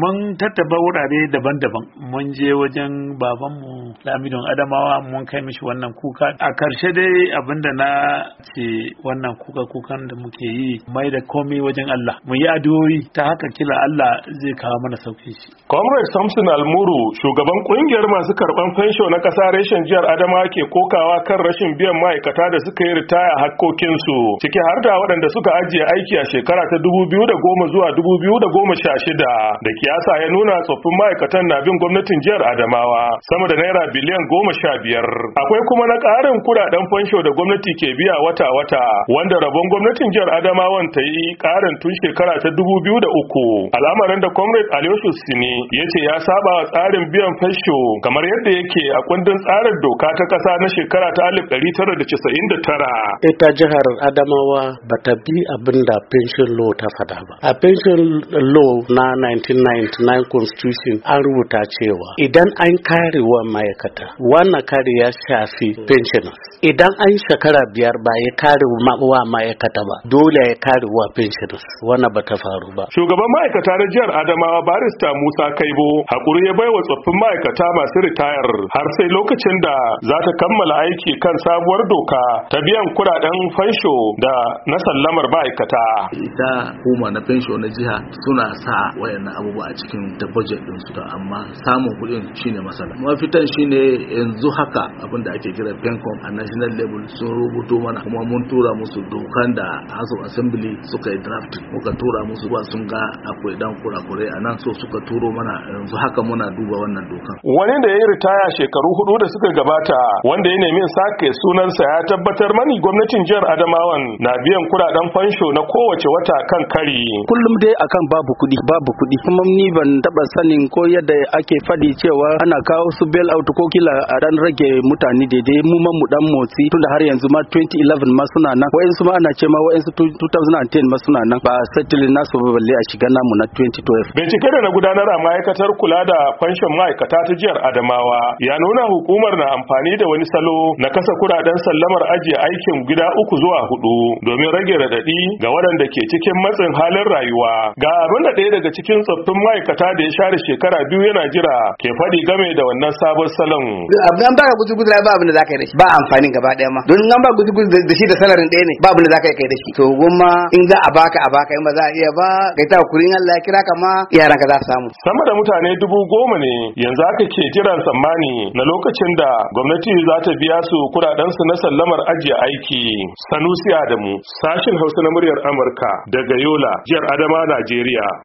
mun tattaba wurare daban-daban mun je wajen babanmu lamidon adamawa mun kai mishi wannan kuka a karshe dai abinda na ce wannan kuka kukan da muke yi mai da komai wajen Allah mu yi addu'o'i ta haka kila Allah zai kawo mana sauki shi Comrade Samson Almuru shugaban kungiyar masu karban fensho na kasa reshen jihar Adamawa ke kokawa kan rashin biyan ma'aikata da suka yi ritaya su ciki har da waɗanda suka ajiye aiki a shekara ta 2010 zuwa 2016 da kiyasa ya nuna tsoffin ma'aikatan na bin gwamnatin jihar Adamawa sama da naira biliyan goma sha biyar. Akwai kuma na ƙarin kuɗaɗen fansho da gwamnati ke biya wata-wata wanda rabon gwamnatin jihar Adamawan ta yi ƙarin tun shekara ta dubu biyu da uku. Al'amarin da Comrade Aliyu Sini ya ce ya saba wa tsarin biyan fansho kamar yadda yake a kundin tsarin doka ta ƙasa na shekara ta alif ɗari tara da casa'in da tara. Ita jihar Adamawa bata bi abin da pension law ta faɗa ba. A pension law na 1990 1999 constitution an rubuta cewa idan an kare wa ma'aikata wannan kare ya shafi pensioners idan an shekara biyar ba ya kare wa ma'aikata ba dole ya kare wa pensioners wannan ba ta faru ba shugaban ma'aikata na jihar adamawa barista musa kaibo hakuri ya baiwa tsoffin ma'aikata masu ritayar har sai lokacin da za ta kammala aiki kan sabuwar doka ta biyan kudaden fansho da na sallamar ma'aikata ita hukuma na fansho na jiha suna sa wayannan abu. abubuwa a cikin da budget din su amma samun kuɗin shine masala mafitan shine yanzu haka abin da ake kira pencom a national level sun rubuto mana kuma mun tura musu dokan da house of assembly suka yi draft muka tura musu ba sun ga akwai dan kurakurai a nan so suka turo mana yanzu haka muna duba wannan dokan wani da ya yi ritaya shekaru hudu da suka gabata wanda ya nemi sake sunansa ya tabbatar mani gwamnatin jihar adamawan na biyan kuɗaɗen fansho na kowace wata kan kari kullum dai akan babu kuɗi babu kuɗi kuma kuma ni ban taba sanin ko yadda ake fadi cewa ana kawo su bail out ko kila a dan rage mutane daidai mu ma mu dan motsi tunda har yanzu ma 2011 ma suna nan su ma ana ce ma su 2010 ma suna nan ba settle nasu ba balle a shiga namu na 2012 bincike da na gudanar a ma'aikatar kula da fanshon ma'aikata ta jiyar Adamawa ya nuna hukumar na amfani da wani salo na kasa kudaden sallamar ajiye aikin gida uku zuwa hudu domin rage radadi ga waɗanda ke cikin matsin halin rayuwa ga abin da ɗaya daga cikin tsoffin bukatun ma'aikata da ya share shekara biyu yana jira ke faɗi game da wannan sabon salon. Abin an baka gudu gudu ba abin da za ka yi da shi ba amfanin gaba ɗaya ma don an ba gudu gudu da shi da salarin ɗaya ne ba abin da za ka yi da shi. To goma in za a baka a baka in ba za a iya ba kai ta kurin Allah ya kira ka ma yaran ka za su samu. Sama da mutane dubu goma ne yanzu aka ke jiran tsammani na lokacin da gwamnati za ta biya su su na sallamar ajiye aiki. Sanusi Adamu sashin Hausa na muryar Amurka daga Yola jihar Adama Najeriya.